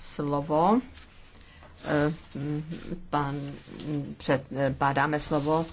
slovo, eh, pan, před, bádáme eh, slovo